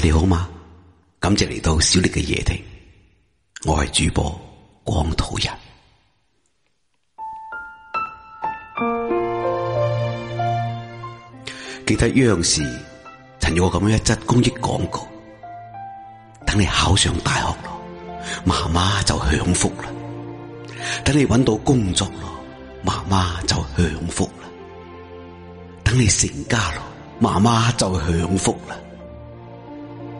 你好嗎？感謝嚟到小力嘅夜聽，我係主播光土人。記得央視曾有咁樣一則公益廣告：等你考上大學咯，媽媽就享福啦；等你揾到工作咯，媽媽就享福啦；等你成家咯，媽媽就享福啦。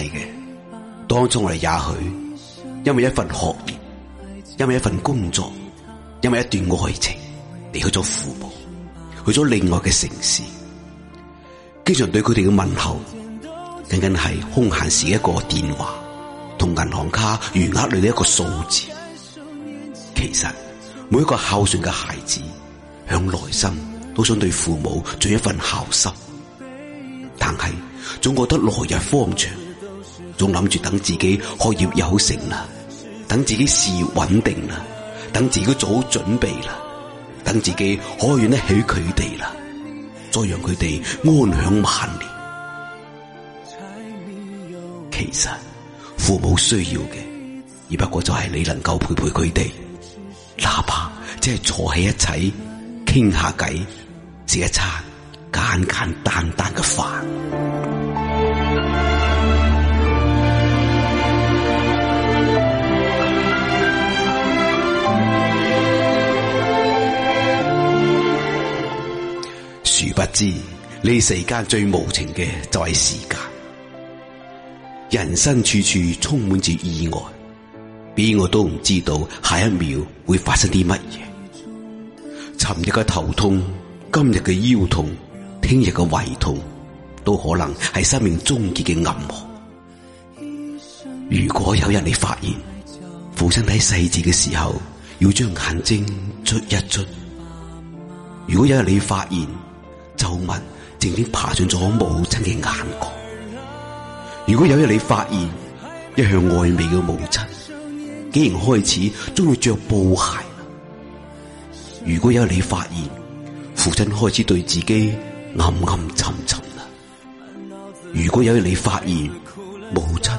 係嘅，當初我哋也許因為一份學業，因為一份工作，因為一段愛情，離開咗父母，去咗另外嘅城市，經常對佢哋嘅問候，僅僅係空閒時一個電話，同銀行卡餘額裏嘅一個數字。其實每一個孝順嘅孩子，向內心都想對父母盡一份孝心，但係總覺得來日方長。總諗住等自己學業有成啦，等自己事業穩定啦，等自己做好準備啦，等自己可以得起佢哋啦，再讓佢哋安享晚年。其實父母需要嘅，而不過就係你能夠陪陪佢哋，哪怕即係坐喺一齊傾下偈，食一餐簡簡單單嘅飯。知呢世間最無情嘅就係時間，人生處處充滿住意外，邊個都唔知道下一秒會發生啲乜嘢。尋日嘅頭痛，今日嘅腰痛，聽日嘅胃痛，都可能係生命終結嘅暗號。如果有日你發現，父親睇細節嘅時候，要將眼睛捽一捽，如果有日你發現，皺紋靜靜爬上咗母親嘅眼角。如果有日你發現一向愛美嘅母親，竟然開始中意着布鞋；如果有日你發現父親開始對自己暗暗沉沉啦；如果有日你發現母親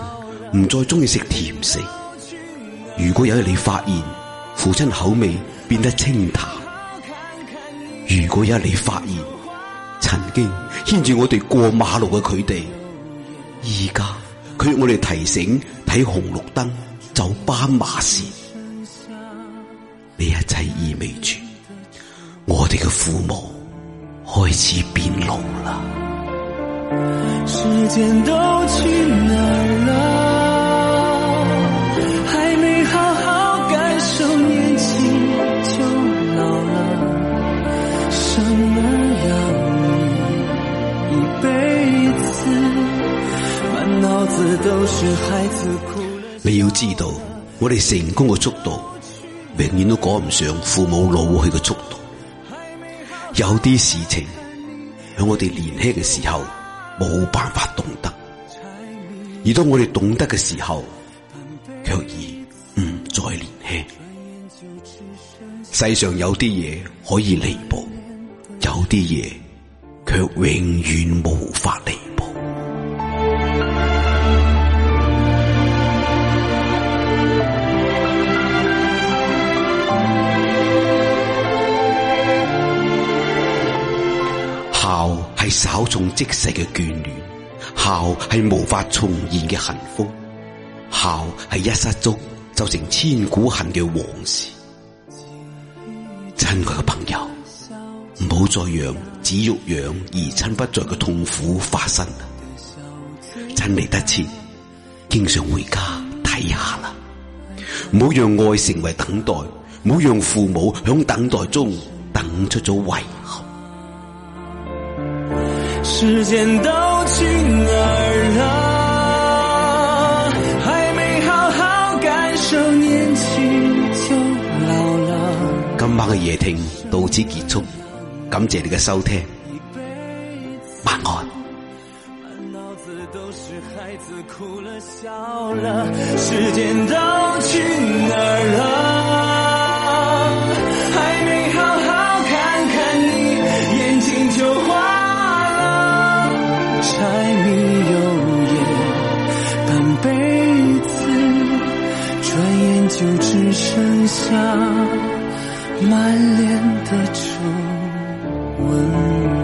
唔再中意食甜食；如果有日你發現父親口味變得清淡；如果有日你發現。曾經牽住我哋過馬路嘅佢哋，而家佢要我哋提醒睇紅綠燈、走斑馬線。呢一切意味住，我哋嘅父母開始變老啦。你要知道，我哋成功嘅速度，永遠都趕唔上父母老去嘅速度。有啲事情，喺我哋年輕嘅時候冇辦法懂得，而當我哋懂得嘅時候，卻已唔再年輕。世上有啲嘢可以彌補，有啲嘢卻永遠無法彌補。稍縱即逝嘅眷戀，孝係無法重現嘅幸福，孝係一失足就成千古恨嘅往事。親愛嘅朋友，唔好再讓子欲養而親不在嘅痛苦發生。趁嚟得切，經常回家睇下啦！唔好讓愛成為等待，唔好讓父母響等待中等出咗位。時間都去哪兒了？了。還沒好好感受，年輕就老了。今晚嘅夜聽到此結束，感謝你嘅收聽，晚安。滿腦子子都都是孩子哭了了，笑了時間都去。一輩子，轉眼就只剩下滿臉的皺紋。